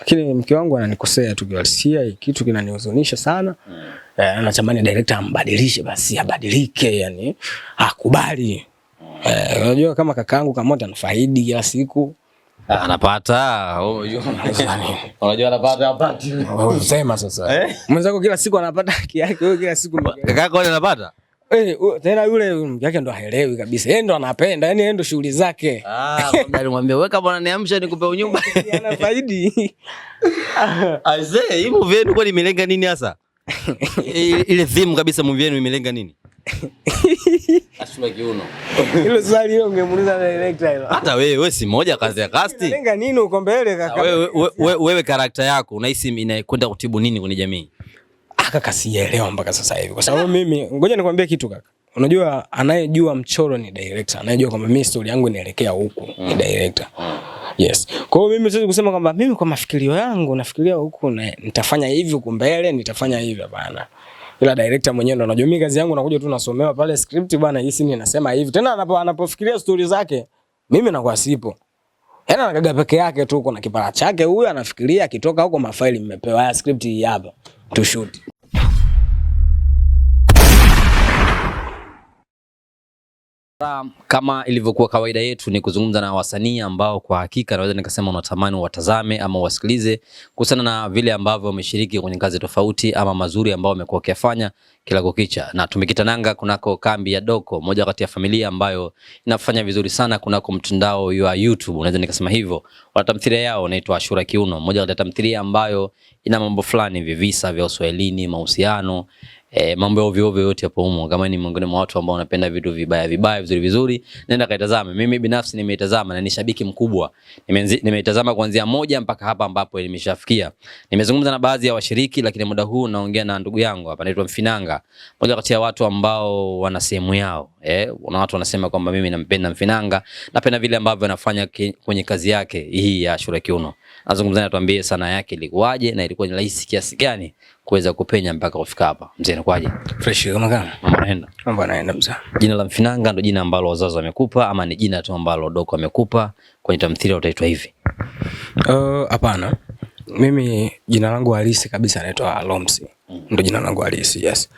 lakini mke wangu ananikosea tu kiwalisia, kitu kinanihuzunisha sana mm. Eh, anatamani director ambadilishe, basi abadilike, yani akubali. mm. unajua kama kakaangu Kamote anafaidi kila siku oh, anapata unajua, anapata hapati, unasema sasa eh? mwenzako kila siku anapata haki yake, kila siku kakaako anapata Eh, tena yule mke wake ndo haelewi kabisa. Yeye ndo anapenda, yani yeye ndo shughuli zake. Ah, alimwambia weka bwana niamsha nikupe unyumba. Yana faidi. Aise, ah, hii movie yenu kwani imelenga nini hasa? Ile theme kabisa movie yenu imelenga nini? Ashura kiuno. Hilo swali hilo ungemuuliza na director hilo. Hata wewe wewe si moja kazi ya cast. Imelenga nini uko mbele kaka? Wewe wewe karakta yako unahisi inakwenda kutibu nini kwenye jamii? Ah, kaka sijaelewa mpaka sasa hivi, kwa sababu mimi, ngoja nikwambie kitu kaka. Unajua, anayejua mchoro ni director, anayejua kwamba mimi story yangu inaelekea huku mm. ni director. Yes. Kwa hiyo mimi siwezi kusema kwamba mimi kwa mafikirio yangu nafikiria huku na nitafanya hivi huku mbele, nitafanya hivi bana. Ila director mwenyewe ndo anajua mimi kazi yangu nakuja tu nasomewa pale script bana, hii sini nasema hivi. Tena anapo anapofikiria story zake, mimi nakuwa sipo. Yaani anakaga peke yake tu huko na kipara chake huyo anafikiria akitoka huko mafaili mmepewa ya script hii hapa tushuti Kama ilivyokuwa kawaida yetu ni kuzungumza na wasanii ambao kwa hakika naweza nikasema unatamani watazame ama wasikilize kuhusiana na vile ambavyo wameshiriki kwenye kazi tofauti ama mazuri ambao wamekuwa wakiyafanya kila kukicha, na tumekitananga kunako kambi ya Doko, moja kati ya familia ambayo inafanya vizuri sana kunako mtandao wa YouTube, unaweza nikasema hivyo. Wana tamthilia yao inaitwa Ashura Kiuno, moja kati ya tamthilia ambayo ina mambo fulani hivi, visa vya uswahilini, mahusiano E, mambo ya ovyo ovyo yote hapo humo. Kama ni miongoni mwa watu ambao wanapenda vitu vibaya vibaya vizuri vizuri, nenda kaitazame. Mimi binafsi nimeitazama na ni shabiki mkubwa, nimeitazama kuanzia moja mpaka hapa ambapo nimeshafikia. Nimezungumza na baadhi ya washiriki, lakini muda huu naongea na ndugu yangu hapa, anaitwa Mfinanga, mmoja kati ya watu ambao wana sehemu yao eh. Kuna watu wanasema kwamba mimi nampenda Mfinanga, napenda vile ambavyo anafanya kwenye kazi yake hii ya Shura Kiuno azungumzane, atuambie sana yake ilikuwaje na ilikuwa ni rahisi kiasi gani kuweza kupenya mpaka kufika hapa. Mzee, inakuwaje? Fresh kama kama. Ah, Mambo yanaenda. Mambo yanaenda mzee. Jina la Mfinanga ndo jina ambalo wazazi wamekupa ama ni jina tu ambalo Doko amekupa kwenye tamthilia utaitwa hivi? Uh, hapana. Mimi jina langu halisi kabisa naitwa Lomsi ndo jina langu halisi yes.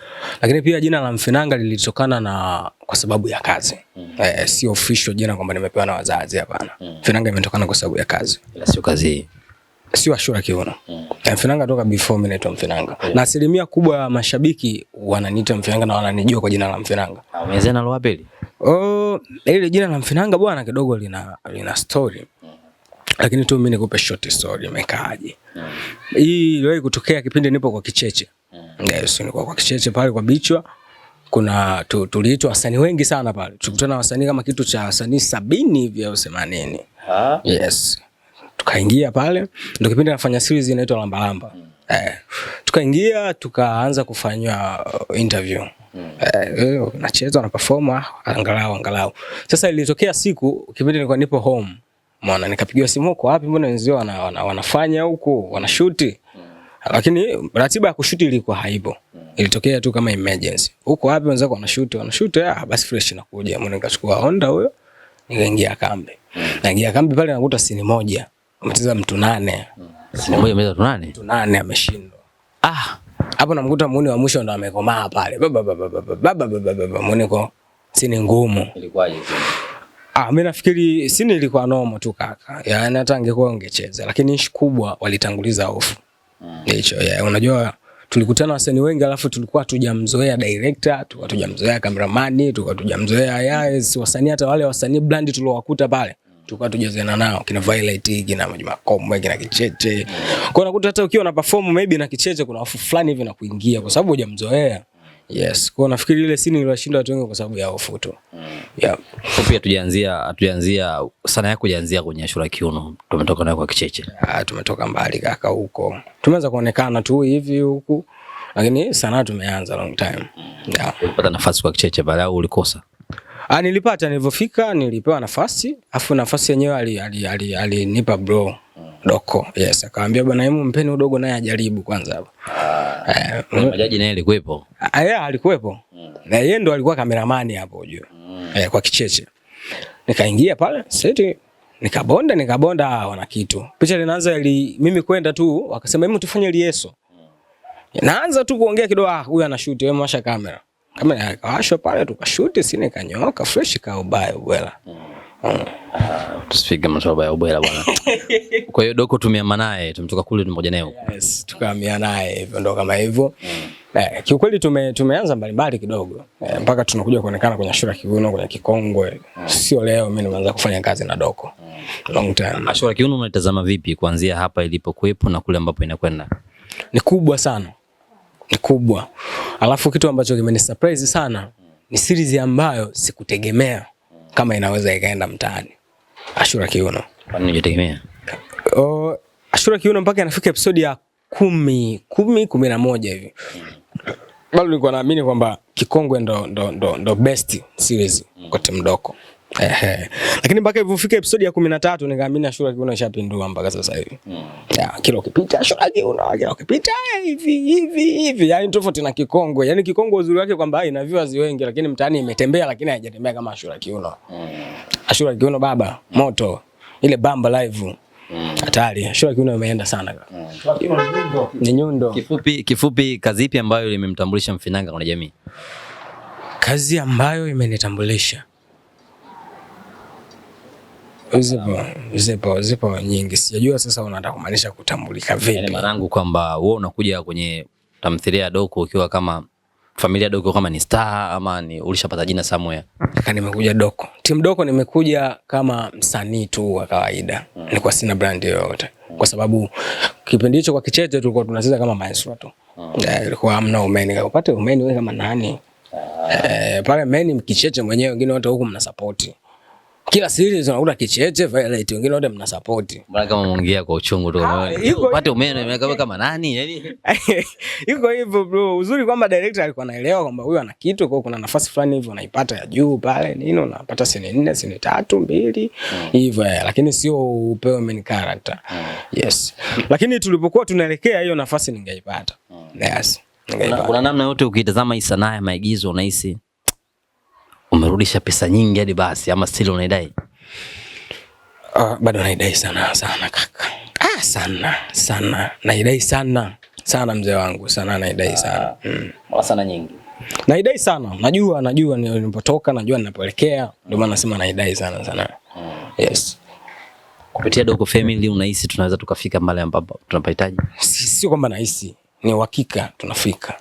Lakini pia jina la Mfinanga lilitokana na kwa sababu ya kazi mm. Eh, si official jina kwamba nimepewa na wazazi, hapana mm. Finanga imetokana kwa sababu ya kazi, ila sio kazi, sio Ashura Kiuno mm. Eh, Mfinanga toka before mimi naitwa Mfinanga yeah. Na asilimia kubwa ya mashabiki wananiita Mfinanga na wananijua kwa jina la Mfinanga. Ah, Umezana lo wapi? Oh, ile jina la Mfinanga bwana kidogo lina lina story mm lakini tu mimi nikupe short story imekaaje. Hii iliwahi kutokea kipindi nipo kwa Kicheche. Mm. Yes, nilikuwa kwa Kicheche pale kwa Bichwa. Kuna tu, tuliitwa wasanii wengi sana pale. Tukutana wasanii kama kitu cha wasanii sabini hivi au themanini. Yes. Tukaingia pale ndio kipindi nafanya series inaitwa Lamba Lamba. Mm. Eh, tukaingia tukaanza kufanywa uh, interview. Mm. Eh, eh nacheza na perform angalau angalau. Sasa ilitokea siku kipindi nilikuwa nipo home. Mm. Mwana nikapigiwa simu huko wapi, mbona wenzio wana, wana, wanafanya huko wanashuti mm. Lakini ratiba ya kushuti ilikuwa haipo Ilitokea tu kama emergency. Huko wapi wenzako wanashuti wanashuti, ah basi fresh nakuja. Mwana nikachukua Honda huyo nikaingia kambi Naingia kambi pale nakuta sini moja amecheza mtu nane Sini moja amecheza mtu nane mtu nane ameshindwa. Ah hapo namkuta muuni wa mwisho ndo amekomaa pale baba baba baba baba baba muuni kwa sini ngumu ilikuwaje? Ah, mimi nafikiri si nilikuwa noma tu kaka. Yaani hata angekuwa ungecheza lakini ishi kubwa walitanguliza hofu. Hicho hmm. mm. yeah, unajua tulikutana wasanii wengi alafu tulikuwa tujamzoea director, tulikuwa tujamzoea cameraman, tulikuwa tujamzoea yes, wasanii hata wale wasanii brand tuliowakuta pale tulikuwa tujazana nao kina Violet, kina Makombe, kina Kicheche. Kwa unakuta hata ukiwa na perform maybe na Kicheche kuna hofu fulani hivi na kuingia kwa sababu hujamzoea. Yes, kwa nafikiri ile scene iliwashinda watu wengi kwa sababu ya hofu tu. Mm. Yeah. Pia tujaanzia hatujaanzia sana yako hujaanzia kwenye Ashura Kiuno. Tumetoka nayo kwa kicheche. Ah, tumetoka mbali kaka huko. Tumeanza kuonekana tu hivi huku. Lakini sana tumeanza long time. Mm. Yeah. Ulipata nafasi kwa kicheche baada au ulikosa? Ah, nilipata nilivyofika nilipewa nafasi, afu nafasi yenyewe alinipa ali, ali, ali, bro Doko. Yes, akamwambia bwana hemu mpeni udogo naye ajaribu kwanza hapo. Ah. Uh, majaji naye alikuepo. Ah, yeye alikuepo. Mm. Na yeye ndo alikuwa kameramani hapo ujue. Mm. Eh, kwa kicheche. Nikaingia pale, seti nikabonda nikabonda ah, wana kitu. Picha linaanza ili mimi kwenda tu wakasema hemu tufanye lieso. Mm. Naanza tu kuongea kidogo, ah, huyu ana shoot hemu washa kamera. Kamera ikawashwa pale tukashoot, sine kanyoka fresh kaubaya bwana. Mm. Eh, tusifika mashoba ya ubwela bwana. Kwa hiyo Doko tumeama naye, tumetoka kule tumoja naye. huko. Yes, tukaamia naye hivyo ndo kama hivyo. Mm. Eh, kiukweli tume, tumeanza mbalimbali kidogo eh, mpaka tunakuja kuonekana kwenye Ashura Kiuno kwenye Kikongwe. Mm. Sio leo mimi nimeanza kufanya kazi na Doko. Mm. Long time. Ashura Kiuno unaitazama vipi kuanzia hapa ilipokuepo na kule ambapo inakwenda? Ni kubwa sana. Ni kubwa. Alafu kitu ambacho kimenisurprise sana ni series ambayo sikutegemea kama inaweza ikaenda mtaani. Ashura Kiuno. Kwani unajitegemea? Oh, Ashura Kiuno mpaka inafika episodi ya kumi, kumi, kumi na moja hivi. Bado nilikuwa naamini kwamba Kikongwe ndo, ndo, ndo, ndo best series kote mdoko Ehe. Lakini mpaka ilipofika episode ya kumi na tatu nikaamini Ashura kiuno ishapindua mpaka sasa hivi. Mm. Ya, kila ukipita Ashura kiuno, kila ukipita hivi hivi hivi. yani tofauti na Kikongwe. Yani Kikongwe uzuri wake kwamba ina viewers wengi lakini mtaani imetembea lakini haijatembea kama Ashura kiuno. Mm. Ashura ah, kiuno baba, moto. Ile bamba live. Hmm. Hatari. Mm. Ashura kiuno imeenda sana. Mm. Ni nyundo. Kifupi kifupi, kazi ipi ambayo imemtambulisha Mfinanga kwa jamii? Kazi ambayo imenitambulisha Zipo, zipo, zipo nyingi. Sijajua sasa unataka kumaanisha kutambulika yaani vipi? Yani maanangu kwamba wewe unakuja kwenye tamthilia ya Doko ukiwa kama familia Doko kama ni star ama ni ulishapata jina somewhere? Kaka, nimekuja Doko. Tim Doko nimekuja kama msanii tu wa kawaida. Mm. kwa sina brand yoyote. Kwa sababu kipindi hicho kwa kicheche tulikuwa tunacheza kama maestro tu. Mm. Ilikuwa hamna umeni. Upate umeni wewe kama nani? Ah. Eh, pale meni mkicheche mwenyewe wengine wote huko mna support. mnasapoti kila series unakuta kicheche violet, wengine wote mna support Mbona kama muongea kwa uchungu tu, ah, upate umeme kama kama nani yani, iko hivyo bro. Uzuri kwamba director alikuwa anaelewa kwamba huyu ana kitu, kwa kuna nafasi fulani hivyo unaipata ya juu pale nini, unapata sene nne sene tatu mbili hmm. hivyo, eh, lakini sio upewe main character. Hmm. Yes, lakini tulipokuwa tunaelekea hiyo nafasi ningeipata. Hmm. Yes, ningeipata. Kuna namna yote ukitazama hii sanaa ya maigizo unahisi umerudisha pesa nyingi hadi basi, ama still unaidai? Uh, bado naidai sana sana kaka. Ah, sana sana naidai sana sana mzee wangu sana naidai sana ah, mm. sana nyingi naidai sana, najua najua nilipotoka, najua ninapoelekea, ndio maana nasema naidai sana sana hmm. yes kupitia Dogo Family unahisi tunaweza tukafika mbali ambapo tunapahitaji? Sio kwamba nahisi, ni uhakika tunafika,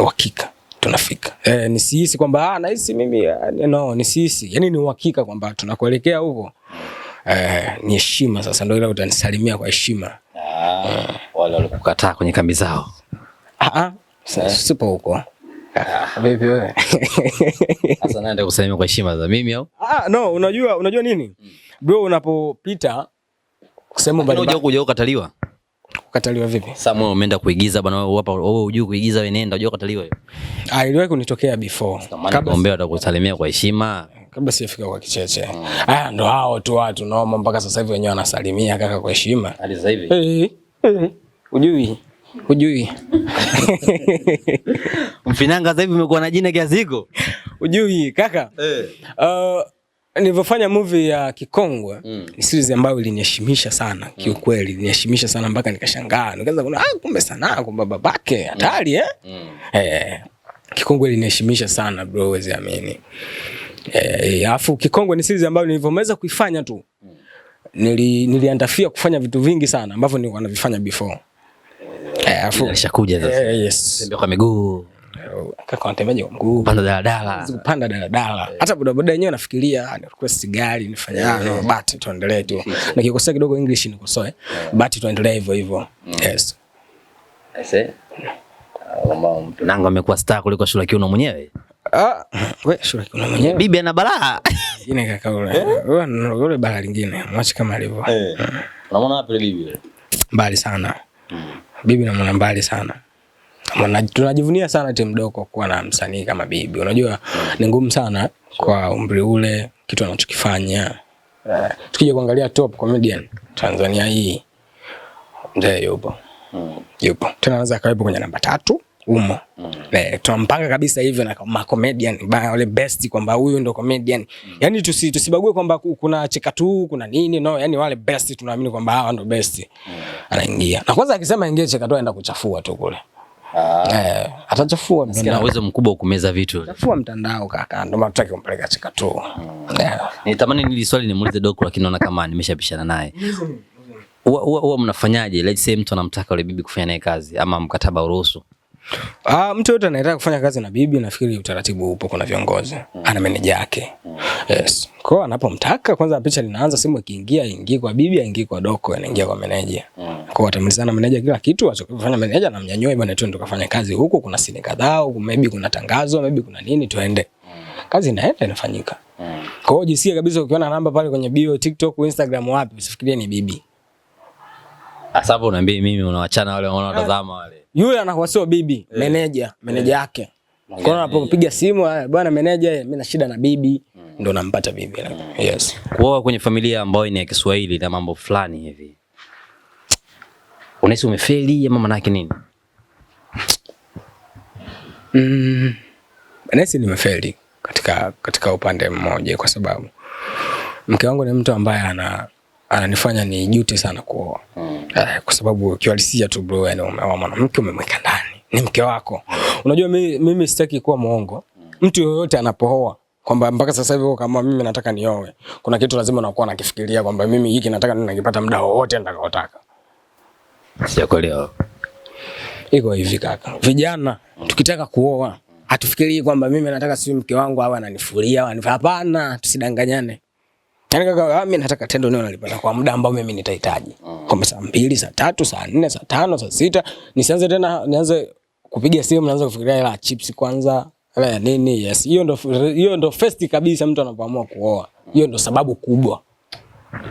uhakika tunafika. Eh, nisihisi kwamba ah, nahisi mimi eh, no, nisihisi. yani ni uhakika kwamba tunakuelekea huko. Eh, ni heshima sasa ndio ile utanisalimia kwa heshima. Ah, eh. Wale walikukataa kwenye kambi zao. Ah ah, sasa eh. sipo huko. Ah. Vipi wewe? Sasa naenda kusalimia kwa heshima za mimi au? Ah, no, unajua unajua nini? Hmm. Bro unapopita sehemu mbali. Unajua kuja ukataliwa? Kukataliwa vipi? Samuel, umeenda kuigiza bwana wewe hapa, wewe unajua kuigiza, wewe nenda, unajua kukataliwa hiyo. Ah, iliwahi kunitokea before. Kabla kuombea atakusalimia kwa heshima, kabla sijafika kwa kicheche. Mm. Ah, ndo hao tu watu naoma mpaka sasa hivi wenyewe wanasalimia kaka kwa heshima. Hadi sasa hivi. Eh. Eh. Ujui. Ujui. Mfinanga sasa hivi umekuwa na jina kiasi hiko? Ujui kaka. Eh. Hey. Uh, nilivyofanya movie ya Kikongwe mm. ni series ambayo iliniheshimisha sana mm. kiukweli, iliniheshimisha sana mpaka nikashangaa, nikaanza kuona ah, kumbe sanaa kumbe babake mm. hatari mm. eh mm. eh Kikongwe iliniheshimisha sana bro, huwezi amini eh, eh. Alafu Kikongwe ni series ambayo nilivyomaliza kuifanya tu mm. nili niliandafia kufanya vitu vingi sana ambavyo nilikuwa navifanya before eh, afu nilishakuja sasa eh, yes, kwa miguu kaka wanatembeaje kwa mguu, panda daladala, kupanda daladala, hata bodaboda yenyewe nafikiria ah, request gari nifanyaje, eh. but tuendelee tu, nikikosea kidogo English nikosoe, eh. but tuendelee hivyo hivyo. Mm. Yes, I say ah, Nango amekuwa star kuliko Shura Kiuno mwenyewe. Ah, we Shura Kiuno mwenyewe. Bibi ana balaa. Nyingine kaka yule. Wewe eh? yule balaa lingine. Mwache kama alivyo. Eh. Mm. Unaona wapi bibi yule? Mbali sana. Mm. Bibi namwona mbali sana tunajivunia sana timu Doko kuwa na msanii kama Bibi. Unajua ni ngumu sana kwa umri ule kitu anachokifanya. Uh, tukija kuangalia top comedian Tanzania hii mzee yupo. Mm. Yupo. Tena anaweza kwenye namba tatu umo. Mm. Eh, na tunampanga kabisa hivyo na ma comedian ba wale best kwamba huyu ndo comedian. Mm. Yaani tusi, tusibague kwamba kuna cheka tu, kuna nini no, yani wale best tunaamini kwamba hawa ndo best. Mm. Anaingia. Na kwanza akisema ingie cheka tu aenda kuchafua tu kule. Ah. Eh, atachafua mtandao. Ana uwezo mkubwa kumeza vitu. Chafua mtandao kaka, ndio maana tutaki kumpeleka chika tu. Hmm. Eh. Nitamani nili swali nimuulize doko lakini naona kama nimeshapishana naye. Huwa mnafanyaje? Let's say mtu anamtaka yule bibi kufanya naye kazi ama mkataba uruhusu. Ah, mtu yote anayetaka kufanya kazi na bibi nafikiri utaratibu upo, kuna viongozi, hmm. ana meneja yake. Hmm. Yes. Kwa anapomtaka kwanza picha linaanza simu ikiingia ingie kwa bibi, aingie kwa doko, anaingia kwa meneja. Mm. Kwa watamalizana meneja kila kitu achofanya meneja na mnyanyoe bwana, twende tukafanya kazi huku, kuna sini kadhaa huku, maybe kuna tangazo, maybe kuna nini, tuende. Mm. Kazi inaenda inafanyika. Mm. Kwa hiyo jisikie kabisa ukiona namba pale kwenye bio, TikTok, Instagram wapi, usifikirie ni bibi. Sasa unaambia mimi unawachana wale wanaotazama wale. Yule anakuwa sio bibi, yeah. meneja, meneja eh. yake. Yeah. Kwa hiyo unapopiga simu, bwana meneja, mimi na shida na bibi, mm. ndo nampata bibi. Mm. Yes. Kuoa kwenye familia ambayo ni ya Kiswahili na mambo fulani hivi. Unahisi umefeli ama maana yake nini? Mm, nahisi nimefeli katika, katika upande mmoja kwa sababu mke wangu ni mtu ambaye ana ananifanya ni jute sana kuoa. Mm. Eh, kwa sababu kiwalisia tu bro, yani mwanamke umemweka ndani, ni mke wako. Mm. Unajua mimi, mimi sitaki kuwa mwongo. Mtu yoyote anapooa kwamba mpaka sasa hivi kama mimi nataka nioe, kuna kitu lazima nakuwa nakifikiria kwamba mimi hiki nataka ninakipata muda wowote nitakaotaka. Sijakuelewa. Iko hivi kaka, vijana tukitaka kuoa hatufikirii kwamba mimi nataka si mke wangu awe ananifuria au anifa. Hapana, tusidanganyane. Yani kaka, mimi ah, nataka tendo nio nalipata kwa muda ambao mimi nitahitaji, mm. kwamba saa mbili, saa tatu, saa nne, saa tano, saa sita nisianze tena nianze kupiga simu naanza kufikiria hela ya chips kwanza, hela ya nini? Yes, hiyo ndo hiyo ndo first kabisa mtu anapoamua kuoa, hiyo ndo sababu kubwa.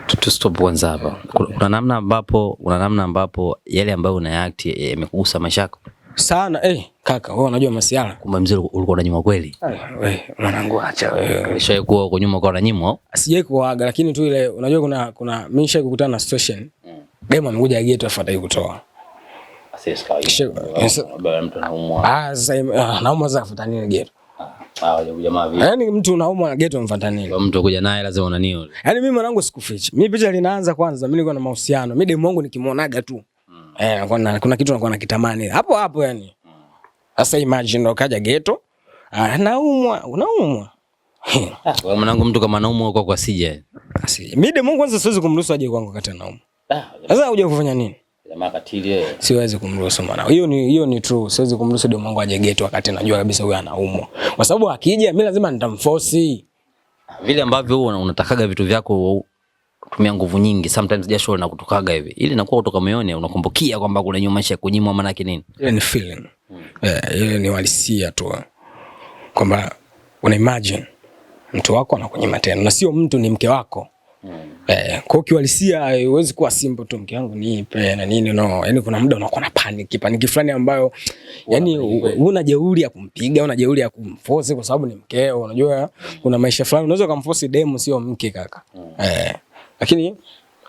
Tu stop kwanza hapa, kuna namna ambapo kuna namna ambapo yale ambayo una act eh, yamekugusa maisha yako sana eh, kaka wewe unajua masiala, kumbe mzee ulikuwa unanyimwa kweli? Ah, wewe mwanangu, acha wewe, sio kuwa uko nyuma kwa unanyimwa. Sijai kuaga, lakini tu ile unajua, kuna kuna mimi nishai kukutana na situation mm. demo amekuja geto afuata kutoa Ah, ah, naumwa ah, Yaani mtu unaumwa geto mfuata nini? Kwa mtu kuja naye lazima una nini? Yaani mimi mwanangu sikufichi. Mimi picha linaanza kwanza, mimi na mahusiano. Mimi demu wangu nikimwonaga tu. Mm. Eh, kuna, kuna kitu nakuwa nakitamani. Hapo hapo yani. Hmm. Sasa imagine ndo kaja geto. Ah, naumwa, unaumwa. Kwa mwanangu mtu kama kwa kwa Mimi demu wangu kwanza siwezi kumruhusu aje kwangu Sasa nini? Siwezi kumruhusu mwana. Hiyo ni hiyo ni true. Siwezi kumruhusu demu wangu aje geti wakati najua kabisa huyo anaumwa. Kwa sababu akija mimi lazima nitamforce. Vile ambavyo wewe unatakaga vitu vyako kutumia nguvu nyingi, sometimes jasho na kutokaga hivi. Ili inakuwa kutoka moyoni unakumbukia kwamba kuna nyuma maisha ya kunyimwa maana yake nini? Ile ni feeling. Hmm. Yeah, ile ni walisia tu. Kwamba una imagine mtu wako anakunyima tena na sio mtu, ni mke wako. Mm. Eh, kwa kiuhalisia haiwezi kuwa simple tu mke wangu nipe na nini no. Yaani kuna muda unakuwa na panic, panic fulani ambayo yani una jeuri ya kumpiga, una jeuri ya kumforce kwa sababu ni mkeo, unajua kuna maisha fulani unaweza kumforce demu sio mke kaka. Mm. Eh. Lakini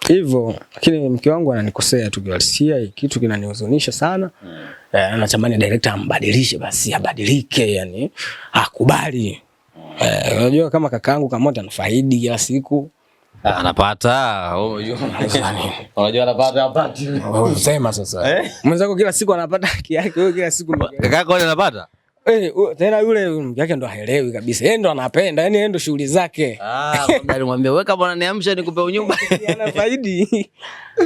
hivyo lakini mke wangu ananikosea tu kiuhalisia, kitu kinanihuzunisha sana. Mm. Eh, anatamani director ambadilishe basi abadilike, yani akubali. Mm. Eh, unajua kama kakaangu kama mtu anafaidi kila siku Ah, anapata oh, unajua, anapata hapati, sema sasa. Eh? Mwenzako kila siku anapata haki yake, wewe kila siku kaka kakako anapata Eh, tena yule mke wake ndo haelewi kabisa. Yeye ndo anapenda, yani yeye ndo shughuli zake. Ah, alimwambia weka bwana niamsha nikupe unyumba. ana faidi.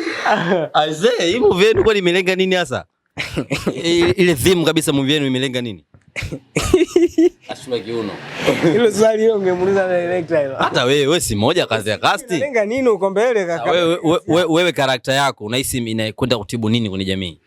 Aise, Hivi movie yenu kwa imelenga nini hasa? Ile theme kabisa movie yenu imelenga nini? Hilo swali hilo ungemuuliza na director hilo. Hata wewe wewe si moja kazi ya cast. Lenga nini uko mbele kaka? Wewe wewe karakta yako unahisi inakwenda kutibu nini kwenye jamii?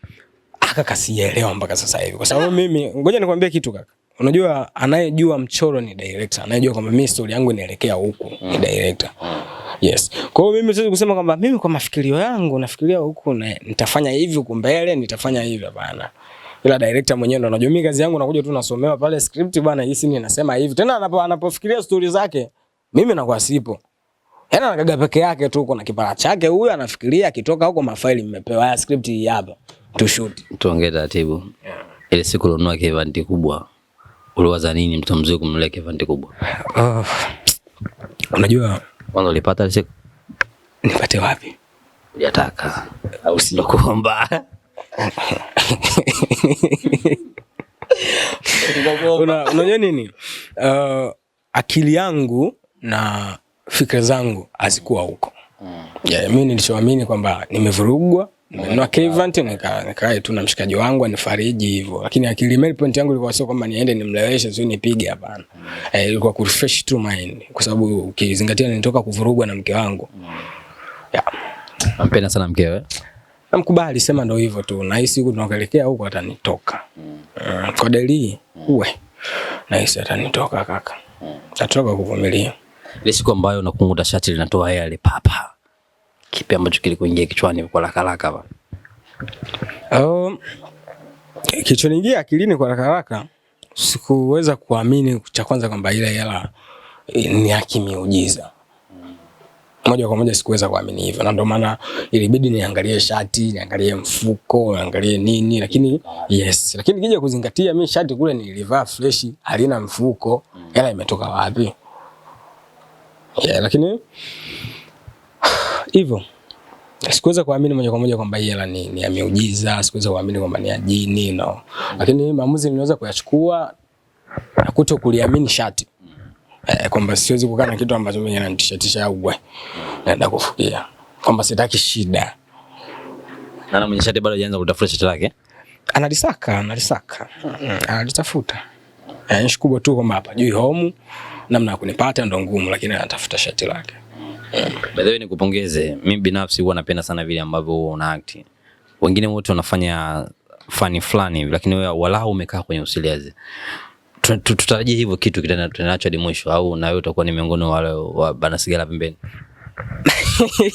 Ah, kaka sijaelewa mpaka sasa hivi. Kwa sababu mimi ngoja nikwambie kitu kaka. Unajua anayejua mchoro ni director, anayejua kwamba mimi story yangu inaelekea huku ni mm. director. Mm. Yes. Kwa hiyo mimi siwezi kusema kwamba mimi kwa mafikirio yangu nafikiria huku na nitafanya hivi huku mbele, nitafanya hivi hapana ila director mwenyewe ndo anajua. Mimi kazi yangu nakuja tu nasomewa pale script bwana, hii scene inasema hivi. Tena anapo anapofikiria story zake mimi nakuwa sipo. Yaani anakaga peke yake tu, kuna kipara chake huyo anafikiria, akitoka huko mafaili mmepewa ya script hii hapa. Tu shoot. Tuongee taratibu. Yeah. Ile siku ulionunua kevant kubwa. Uliwaza nini mtu mzuri kumnunulia kevant kubwa? Uh, unajua kwanza ulipata ile siku nipate wapi? Hujataka au sio Unajua nini, uh, akili yangu na fikra zangu hazikuwa huko. mm. Yeah, mi nilichoamini kwamba nimevurugwa nimenunua Kevant nikae tu na mshikaji wangu anifariji hivyo, lakini akili main point yangu ilikuwa sio kwamba niende nimleweshe sio nipige, hapana. Hmm. Eh, ilikuwa ku refresh tu mind, kwa sababu ukizingatia nilitoka kuvurugwa na mke wangu. Hmm. Yeah, nampenda sana mkewe Namkubali, sema ndo hivyo tu. Nahisi huku tunakoelekea huku atanitoka. Mm. Eh, kwa Deli, uwe. Nahisi atanitoka kaka. Tatoka kuvumilia. Ile siku ambayo unakunguta shati linatoa yale papa. Kipi ambacho kilikuingia kichwani kwa lakalaka hapa? Um, kichoniingia akilini kwa lakalaka sikuweza kuamini cha kwanza kwamba ile hela ni haki miujiza moja kwa moja sikuweza kuamini hivyo, na ndio maana ilibidi niangalie shati, niangalie mfuko, niangalie nini, lakini yes, lakini kija kuzingatia mimi shati kule nilivaa fresh, halina mfuko, hela imetoka wapi? Yeah, lakini hivyo sikuweza kuamini moja kwa moja kwamba hii hela ni, ni ya miujiza. Sikuweza kuamini kwamba ni ya jini no, lakini maamuzi niliweza kuyachukua kuto kuliamini shati eh, kwamba siwezi kukaa na kitu ambacho mimi nanitishatisha au bwe, naenda kufukia kwamba sitaki shida. Na na mwenye shati bado hajaanza kutafuta shati lake, analisaka analisaka, mm, analitafuta. Eh, kubwa tu kwamba hapa juu homu namna ya kunipata ndo ngumu, lakini anatafuta shati lake. By the way, nikupongeze. Mimi binafsi huwa napenda sana vile ambavyo huwa una act. Wengine wote wanafanya fani fulani, lakini wewe walau umekaa kwenye usiliazi tutarajie hivyo kitu kitanacho hadi mwisho, au na wewe utakuwa ni miongoni wale wa bana sigara pembeni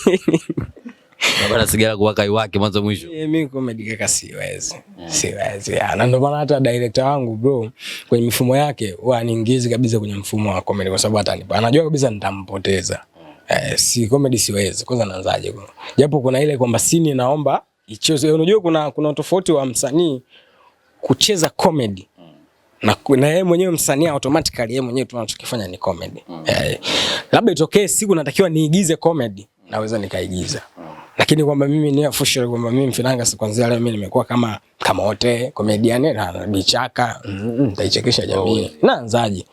bana sigara kwa kai wake mwanzo mwisho. Eh, mimi comedy kaka, siwezi siwezi, ah. na ndio maana hata director wangu bro, kwenye mifumo yake waniingizi kabisa kwenye mfumo wa comedy, kwa sababu hata nipo anajua kabisa nitampoteza. Eh, si comedy siwezi. Kwanza naanzaje? Japo kuna ile kwamba sini naomba ichezwe. Unajua kuna kuna tofauti wa msanii kucheza comedy na na yeye mwenyewe msanii automatically yeye mwenyewe tunachokifanya ni comedy. Mm. Eh, eh, labda itokee siku natakiwa niigize comedy, naweza nikaigiza. Mm. Lakini kwamba mimi ni official kwamba mimi Mfinanga si kwanza leo mimi nimekuwa kama kama wote comedian na bichaka mm, mm, nitaichekesha mm, -hmm. jamii. Oh, na naanzaje?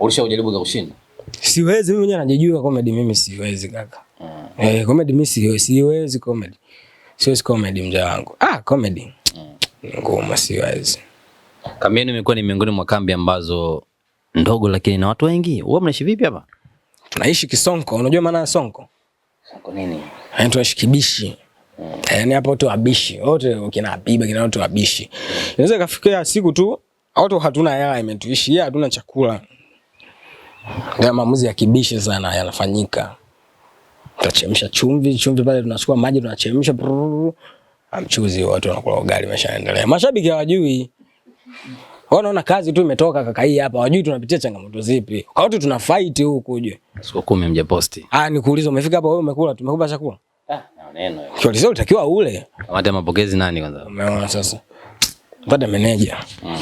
Ulishajaribu za kushinda? Siwezi mimi mwenyewe najijua comedy mimi siwezi kaka. Mm. Eh, comedy mimi siwezi, siwezi comedy. Siwezi comedy mja wangu. Ah, comedy. Mm. Ngoma siwezi. Kambi yenu imekuwa ni miongoni mwa kambi ambazo ndogo, lakini na watu wengi. Wewe mnaishi vipi hapa? Tunaishi Kisonko. Unajua maana ya Sonko? Sonko nini? Yaani tunaishi kibishi. Hmm. Yaani hapo watu wabishi. Wote kina Habiba kina watu wabishi. Inaweza kafikia siku tu watu hatuna hela imetuishi. Yeye hatuna chakula. Ndio maamuzi ya kibishi sana yanafanyika. Tunachemsha chumvi, chumvi pale tunachukua maji tunachemsha. Amchuzi watu wanakula ugali, mashaendelea. Mashabiki hawajui. Wao naona kazi tu imetoka kaka hii hapa. Wajui tunapitia changamoto zipi. Kwa watu tuna fight huku uje. Siku kumi mje posti. Ah, nikuulize umefika hapa wewe umekula? Tumekupa chakula? Ah, na neno. Kwa hiyo utakiwa ule. Kamata mapokezi nani kwanza? Umeona sasa. Pata meneja. Mm.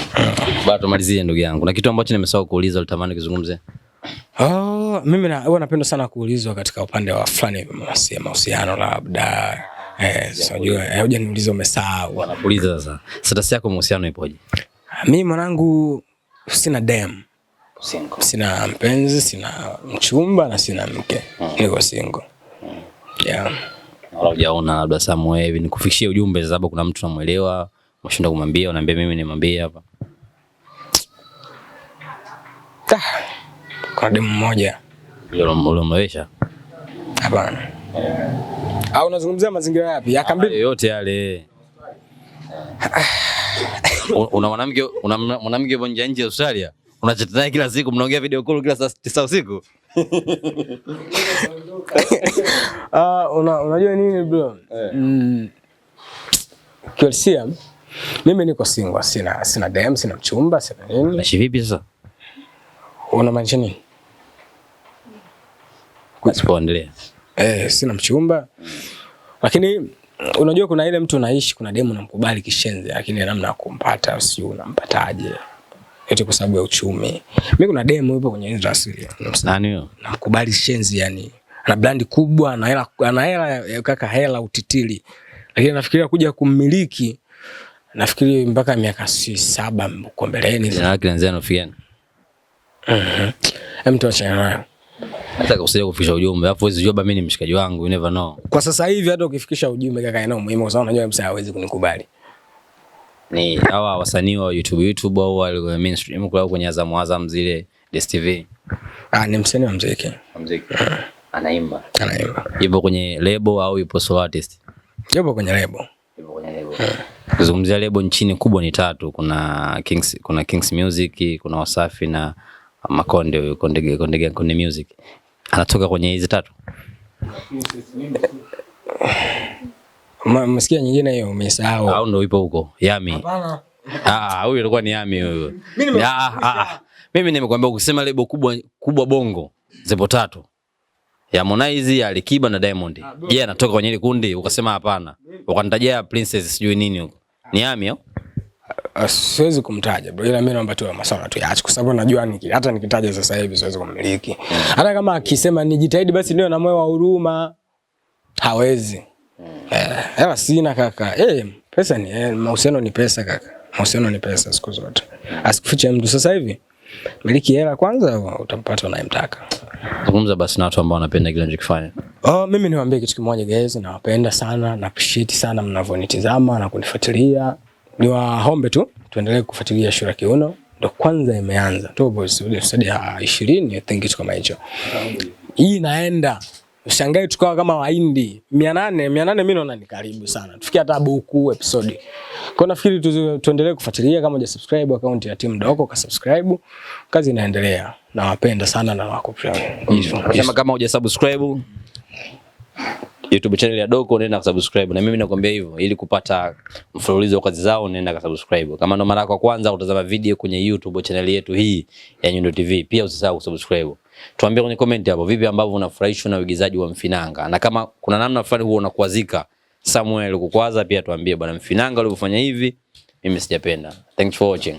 Bado tumalizie ndugu yangu. Na kitu ambacho nimesahau kuuliza ulitamani kuzungumzia. Oh, mimi na wewe napenda sana kuulizwa katika upande wa fulani mahusiano labda. Eh, sijui. Eh, hujaniuliza umesahau. Wanakuuliza sasa. Status yako mahusiano ipoje? Mi mwanangu sina dem, single. Sina mpenzi, sina mchumba na sina mke mm. Niko single mm. yeah. Wala hujaona labda Samuel hivi nikufikishie ujumbe sababu kuna mtu namuelewa, umeshinda kumwambia, unaambia mimi nimwambie hapa. Ah, kuna demu mmoja uliomlowesha? Hapana. Eh. Au unazungumzia mazingira yapi? Yakambi Yote yale ah. una mwanamke una mwanamke bonja nje Australia, unachata naye kila siku, mnaongea video call kila saa tisa usiku. Ah, una unajua nini bro? Eh. Mm. mimi niko single, sina sina dem, sina mchumba, sina nini. Unaishi vipi sasa? Unamaanisha nini? Kusipoendelea. Eh, sina mchumba. Lakini unajua kuna ile mtu unaishi, kuna demu unamkubali kishenzi, lakini namna ya kumpata si unampataje? Eti kwa sababu ya uchumi. Mimi kuna demu yupo kwenye industry. Nani huyo? Namkubali shenzi yani. Ana brand kubwa, ana hela, ana hela kaka, hela utitili. Lakini nafikiria kuja kumiliki. Nafikiri mpaka miaka si saba huko mbeleni. Jina lake linaanzia na Mhm. Hem, tuachane nayo hata kusaidia kufikisha ujumbe, alafu wewe unajua mimi ni mshikaji wangu, you never know. Kwa sasa hivi hata ukifikisha ujumbe kaka, eneo muhimu, kwa sababu unajua msa hawezi kunikubali ni hawa wasanii wa YouTube YouTube au wale wa mainstream kule kwenye Azam Azam zile DStv. Ah, ni msanii wa muziki. Wa Muziki. Anaimba. Anaimba. Yupo kwenye label au yupo solo artist? Yupo kwenye label. Yupo kwenye label. Kuzungumzia label nchini kubwa ni tatu, kuna Kings, kuna Kings Music, kuna Wasafi na Makonde huyo Konde Konde Konde Music anatoka kwenye hizi tatu. Msikia nyingine hiyo umesahau. Au ndio ipo huko? Yami. Hapana. Ah, ah huyo alikuwa ni Yami huyo. Ah, ah, Mimi nimekuambia ukisema lebo kubwa kubwa Bongo zipo tatu. Ya Harmonize, ya Alikiba na Diamond. Je, anatoka kwenye ile kundi? Ukasema hapana. Ukanitajia Princess sijui nini huko. Ni Yami au? siwezi kumtaja bro, ila mimi naomba tu masuala tu yaache, kwa sababu najua niki, hata nikitaja sasa hivi siwezi kumiliki. Hata kama akisema nijitahidi, basi ndio na moyo wa huruma, hawezi eh, hela sina kaka. Eh, pesa ni eh, mahusiano ni pesa kaka, mahusiano ni pesa siku zote, asikufiche mtu. Sasa hivi miliki hela kwanza, utampata unayemtaka. Zungumza basi na watu ambao wanapenda kile unachokifanya. Oh, mimi niwaambie kitu kimoja guys, nawapenda sana na appreciate sana mnavyonitizama na kunifuatilia ni waombe tu tuendelee kufuatilia Shura Kiuno, ndo kwanza imeanza tu boys, ile study ya 20 I think kitu kama hicho. Hii inaenda ushangae, tukawa kama Wahindi 800 800, mimi naona ni karibu sana tufikie hata buku episode. Kwa nafikiri tu, tuendelee kufuatilia. Kama uja subscribe account ya Team Doko ka subscribe, kazi inaendelea. Nawapenda sana na wako proud. Kama kama uja subscribe YouTube channel ya Doko, nenda kusubscribe. Na mimi nakwambia hivyo, ili kupata mfululizo wa kazi zao, nenda kusubscribe. Kama ndo mara yako ya kwanza kutazama video kwenye YouTube channel yetu hii ya Nyundo TV, pia usisahau kusubscribe. Tuambie kwenye comment hapo vipi ambavyo unafurahishwa na uigizaji wa Mfinanga, na kama kuna namna fulani huwa unakuazika Samuel kukwaza, pia tuambie bwana Mfinanga ulivyofanya hivi, mimi sijapenda. Thanks for watching.